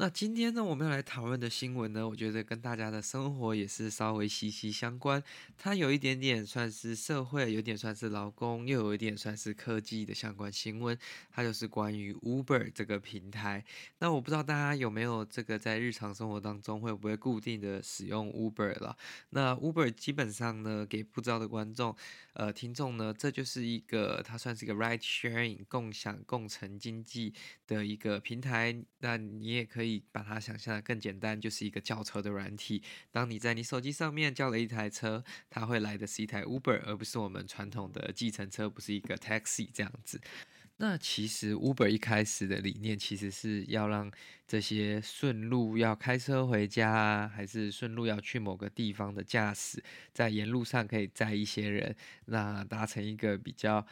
那今天呢，我們要來討論的新聞呢，我覺得跟大家的生活也是稍微息息相關。它有一點點算是社會，有點算是勞工，又有一點算是科技的相關新聞。它就是關於 Uber 這個平台。那我不知道大家有沒有這個在日常生活當中會不會固定的使用 Uber 了？那 Uber 基本上呢，給不知道的觀眾、呃聽眾呢，這就是一個它算是一個 ride sharing 共享共乘經濟的一個平台。那你也可以。把它想象的更簡單，就是一個叫車的軟體。當你在你手機上面叫了一台車，它會來的是一台 Uber，而不是我們傳統的計程車，不是一個 Taxi 這樣子。那其實 Uber 一開始的理念，其實是要讓這些順路要開車回家啊，還是順路要去某個地方的駕駛，在沿路上可以載一些人，那達成一個比較。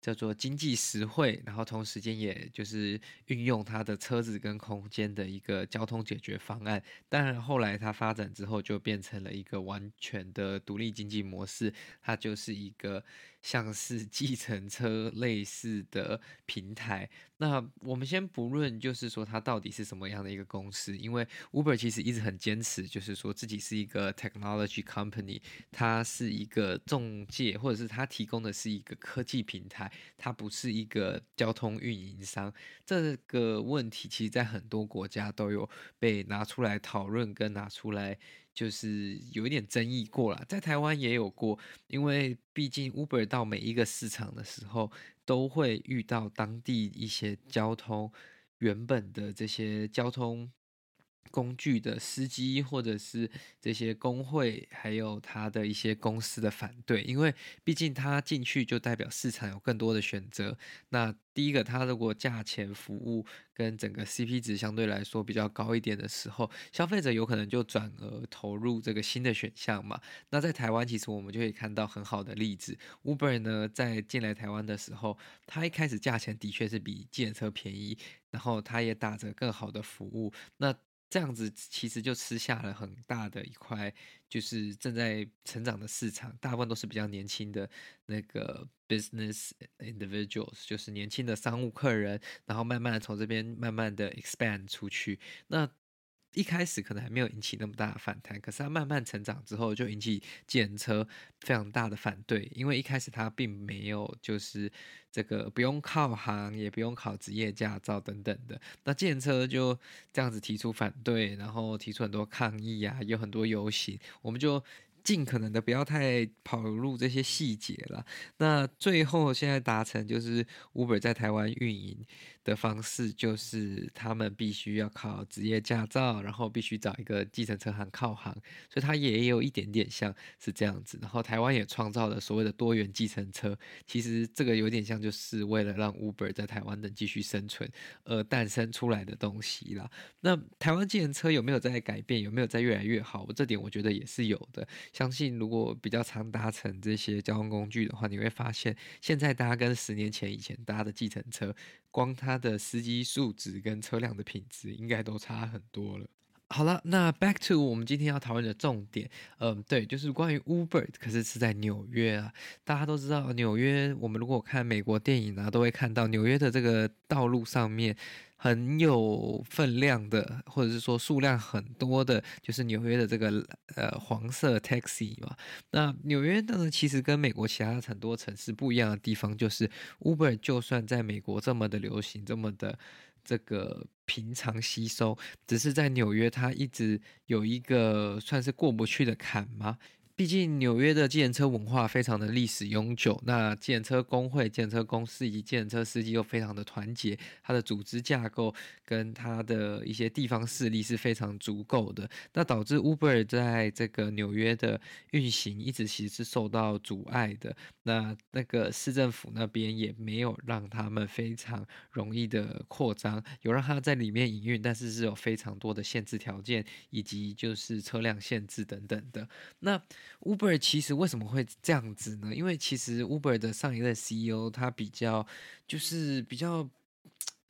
叫做經濟實惠，然後同時間也就是運用他的車子跟空間的一個交通解決方案。但後來他發展之後，就變成了一個完全的獨立經濟模式，它就是一個。像是計程車類似的平台，那我們先不論，就是說它到底是什麼樣的一個公司，因為 Uber 其實一直很堅持，就是說自己是一個 technology company，它是一個中介，或者是它提供的是一個科技平台，它不是一個交通運營商。這個問題其實，在很多國家都有被拿出來討論跟拿出來，就是有一點爭議過啦，在台灣也有過，因為畢竟 Uber 到每一個市場的時候，都會遇到當地一些交通原本的這些交通工具的司機，或者是這些工會，還有他的一些公司的反對，因為畢竟他進去就代表市場有更多的選擇。那第一個，他如果價錢、服務跟整個 CP 值相對來說比較高一點的時候，消費者有可能就轉而投入這個新的選項嘛。那在台灣，其實我們就可以看到很好的例子。Uber 呢，在進來台灣的時候，他一開始價錢的確是比計程車便宜，然後他也打着更好的服務。那這樣子其實就吃下了很大的一塊，就是正在成長的市場，大部分都是比較年輕的那個 business individuals，就是年輕的商務客人，然後慢慢從這邊慢慢的 expand 出去。那一開始可能還沒有引起那麼大的反彈，可是，它慢慢成長之後，就引起計程車非常大的反對，因為一開始它並沒有就是這個不用靠行，也不用考職業駕照等等的，那計程車就這樣子提出反對，然後提出很多抗議啊，有很多遊行，我們就。儘可能的不要太跑入這些細節了。那最後現在達成就是，Uber 在台灣運營的方式就是他們必須要考職業駕照，然後必須找一個計程車行靠行，所以它也有一點點像是這樣子。然後台灣也創造了所謂的多元計程車，其實這個有點像就是為了讓 Uber 在台灣能繼續生存而誕生出來的東西啦。那台灣計程車有沒有在改變？有沒有在越來越好？這點我覺得也是有的。相信如果比較常搭乘這些交通工具的話，你會發現，現在搭跟十年前以前搭的計程車，光它的司機素質跟車輛的品質，應該都差很多了。好了，那 back to 我們今天要討論的重點，嗯，對，就是關於 Uber，可是是在紐約啊。大家都知道，紐約，我們如果看美國電影啊，都會看到紐約的這個道路上面。很有分量的，或者是說數量很多的，就是紐約的這個呃黃色 taxi 嘛。那紐約當然其實跟美國其他很多城市不一樣的地方，就是 Uber 就算在美國這麼的流行，這麼的這個平常吸收，只是在紐約它一直有一個算是過不去的坎嘛。畢竟紐約的計程車文化非常的歷史悠久，那計程車工會、計程車公司以及計程車司機又非常的團結，它的組織架構跟它的一些地方勢力是非常足夠的，那導致 Uber 在這個紐約的運行一直其實是受到阻礙的。那那個市政府那邊也沒有讓他們非常容易的擴張，有讓他在裡面營運，但是是有非常多的限制條件，以及就是車輛限制等等的。那 Uber 其實為什麼會這樣子呢？因為其實 Uber 的上一任 CEO 他比較就是比較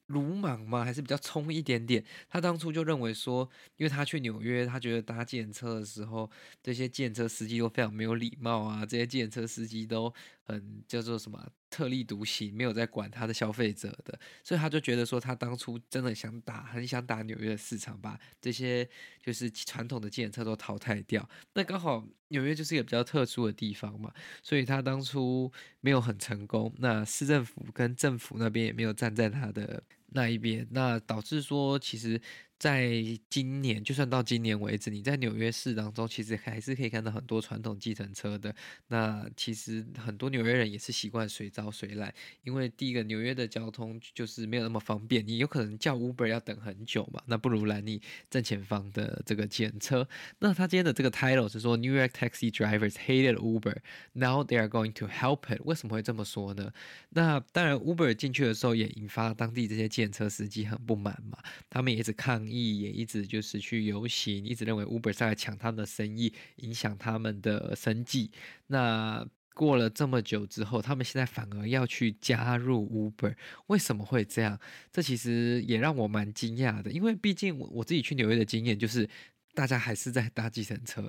魯莽嘛，還是比較衝一點點。他當初就認為說，因為他去紐約，他覺得搭計程車的時候，這些計程車司機都非常沒有禮貌啊，這些計程車司機都很叫做什麼？特立獨行，沒有在管他的消費者的，所以他就覺得說，他當初真的很想打，很想打紐約市場吧，這些就是傳統的計程車都淘汰掉。那剛好紐約就是一個比較特殊的地方嘛，所以他當初沒有很成功。那市政府跟政府那邊也沒有站在他的那一邊，那導致說其實。在今年，就算到今年為止，你在紐約市當中，其實還是可以看到很多傳統計程車的。那其實很多紐約人也是習慣隨招隨來，因為第一個紐約的交通就是沒有那麼方便，你有可能叫 Uber 要等很久嘛，那不如攔你正前方的這個計程車。那他今天的這個 title 是說，New York taxi drivers hated Uber，now they are going to help it。為什麼會這麼說呢？那當然，Uber 進去的時候也引發了當地這些計程車司機很不滿嘛，他們也只看。意也一直就是去遊行，一直認為 Uber 在搶他們的生意，影響他們的生計。那過了這麼久之後，他們現在反而要去加入 Uber，為什麼會這樣？這其實也讓我蠻驚訝的，因為畢竟我自己去紐約的經驗就是，大家還是在搭計程車。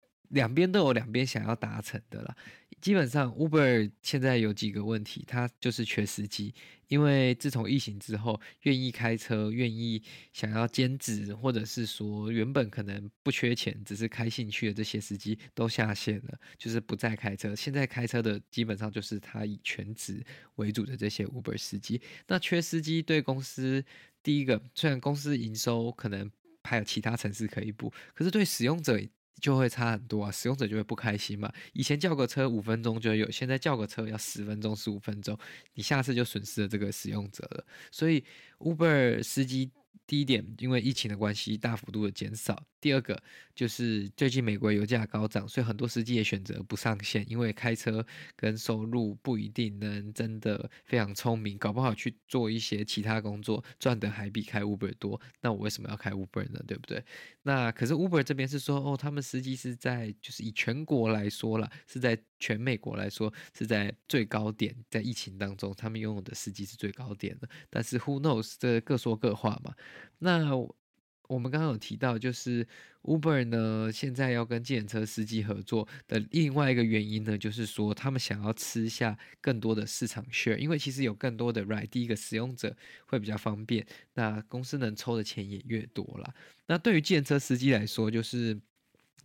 兩邊都有兩邊想要達成的啦。基本上，Uber 現在有幾個問題，它就是缺司機，因為自從疫情之後，願意開車、願意想要兼職，或者是說原本可能不缺錢，只是開興趣的這些司機都下線了，就是不再開車。現在開車的基本上就是他以全職為主的這些 Uber 司機。那缺司機對公司第一個，雖然公司營收可能還有其他城市可以補，可是對使用者。就會差很多啊，使用者就會不開心嘛。以前叫個車五分鐘就有，現在叫個車要十分鐘、十五分鐘，你下次就損失了這個使用者了。所以 Uber 司機第一點，因為疫情的關係，大幅度的減少。第二個就是最近美國油價高漲，所以很多司機也選擇不上線，因為開車跟收入不一定能真的非常聰明，搞不好去做一些其他工作，賺的還比開 Uber 多。那我為什麼要開 Uber 呢？對不對？那可是 Uber 這邊是說，哦，他們司機是在就是以全國來說了，是在全美國來說是在最高點，在疫情當中他們擁有的司機是最高點的。但是 who knows，這各說各話嘛。那。我們剛剛有提到，就是 Uber 呢，現在要跟計程車司機合作的另外一個原因呢，就是說他們想要吃下更多的市場 share，因為其實有更多的 ride，第一個使用者會比較方便，那公司能抽的錢也越多啦，那對於計程車司機來說，就是。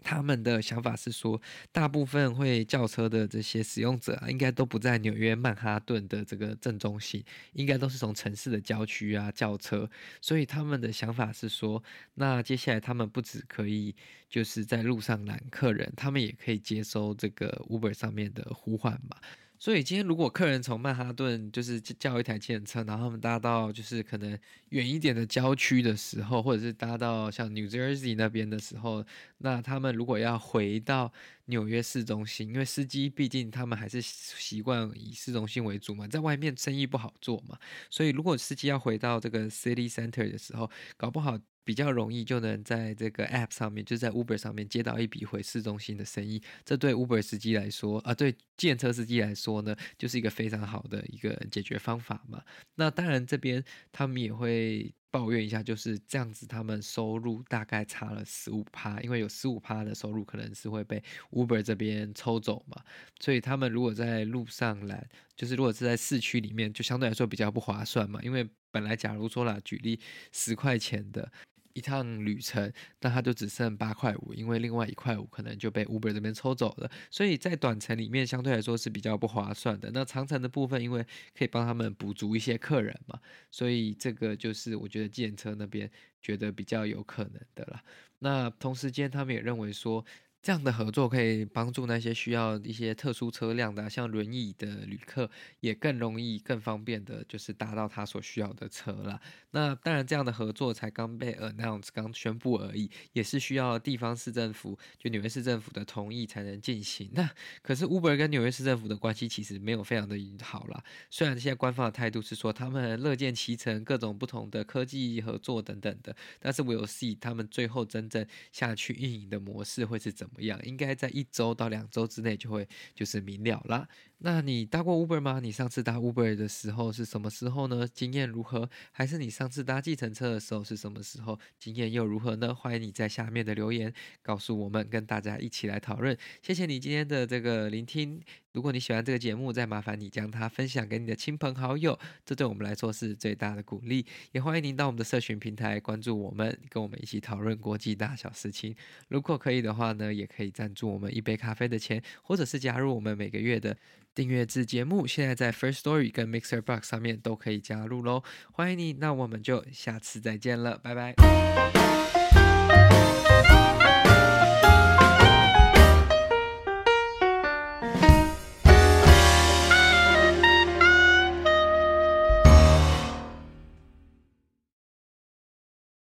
他們的想法是說，大部分會叫車的這些使用者啊，應該都不在紐約曼哈頓的這個正中心，應該都是從城市的郊區啊叫車，所以他們的想法是說，那接下來他們不只可以就是在路上攔客人，他們也可以接收這個 Uber 上面的呼喚嘛。所以今天如果客人從曼哈頓就是叫一台計程車，然後他們搭到就是可能遠一點的郊區的時候，或者是搭到像 New Jersey 那邊的時候，那他們如果要回到紐約市中心，因為司機畢竟他們還是習慣以市中心為主嘛，在外面生意不好做嘛，所以如果司機要回到這個 city center 的時候，搞不好。比較容易就能在這個 app 上面，就在 Uber 上面接到一筆回市中心的生意，這對 Uber 司機來說，啊，對計程車司機來說呢，就是一個非常好的一個解決方法嘛。那當然，這邊他們也會抱怨一下，就是這樣子，他們收入大概差了十五趴，因為有十五趴的收入可能是會被 Uber 這邊抽走嘛。所以他們如果在路上攔，就是如果是在市區裡面，就相對來說比較不划算嘛。因為本來假如說啦，舉例十塊錢的。一趟旅程，那他就只剩八塊五，因為另外一塊五可能就被 Uber 這邊抽走了，所以在短程裡面相對來說是比較不划算的。那長程的部分，因為可以幫他們補足一些客人嘛，所以這個就是我覺得計程車那邊覺得比較有可能的啦。那同時間，他們也認為說。這樣的合作可以幫助那些需要一些特殊車輛的、啊，像輪椅的旅客，也更容易、更方便的，就是搭到他所需要的車了。那當然，這樣的合作才剛被 announced，剛宣布而已，也是需要地方市政府，就紐約市政府的同意才能進行。那可是，Uber 跟紐約市政府的關係其實沒有非常的好了。雖然現在官方的態度是說他們樂見其成，各種不同的科技合作等等的，但是 will see，他們最後真正下去運營的模式會是怎麼。一樣應該在一周到兩周之內就會就是明了了。那你搭過 Uber 嗎？你上次搭 Uber 的時候是什麼時候呢？經驗如何？還是你上次搭計程車的時候是什麼時候？經驗又如何呢？歡迎你在下面的留言告訴我們，跟大家一起來討論。謝謝你今天的這個聆聽。如果你喜歡這個節目，再麻煩你將它分享給你的親朋好友，這對我們來說是最大的鼓勵。也歡迎您到我們的社群平台關注我們，跟我們一起討論國際大小事情。如果可以的話呢，也可以贊助我們一杯咖啡的錢，或者是加入我們每個月的。訂閱制節目，現在在 First Story 跟 Mixer Box 上面都可以加入咯。歡迎你，那我們就下次再見了，拜拜。